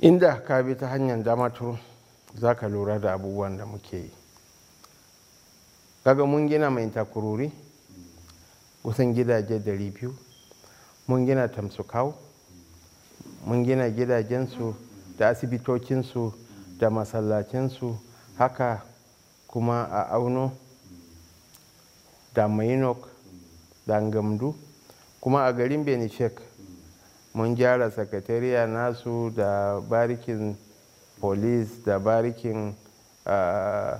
inda ka bi ta hanyar dama to za ka lura da abubuwan da muke yi kaga mun gina mai takururi kusan gidaje 200 mun gina tamsukau mun gina gidajensu da asibitocinsu da masallacinsu haka kuma a auno da mainok da ngamdu kuma a garin benishek mun gyara sakatariya nasu da barikin police da barikin uh,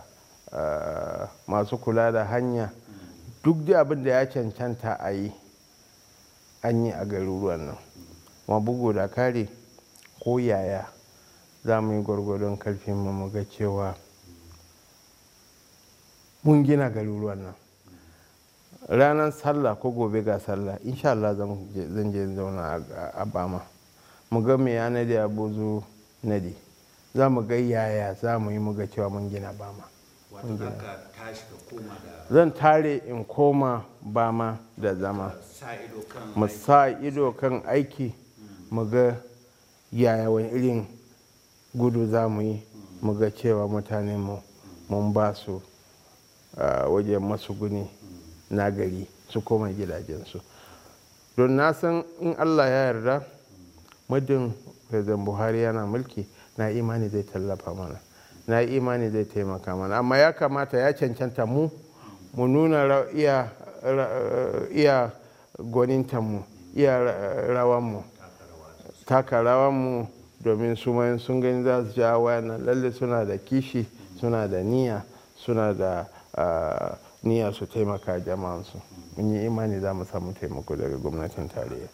masu kula da hanya duk da abin da ya cancanta a yi an yi a garuruwan nan ma bugu da kare ko yaya za mu yi gwargwadon karfin mu cewa mun gina garuruwan nan ranar sallah ko gobe ga sallah insha Allah zan je zauna a bama mu ga me ya nade ya bozo za mu ga yaya za mu yi muga cewa mun gina bama zan tare in koma bama da zama mu sa ido kan aiki hmm. mu ga yaya wani irin gudu za mu yi hmm. mu ga cewa mutane mu mun ba su ah, wajen masu guni hmm. na gari su koma gidajensu don na san in allah ya yarda muddin rezan buhari yana mulki na imani zai tallafa mana na imani zai taimaka mana amma ya kamata ya cancanta mu mu nuna iya gwanintanmu iya rawanmu taka rawanmu domin su mayan sun gani za su ja wayan lalle suna da kishi suna da niyya suna da ah, niyya su taimaka jama'ansu mun yi imani za mu samu taimako daga gwamnatin tarayya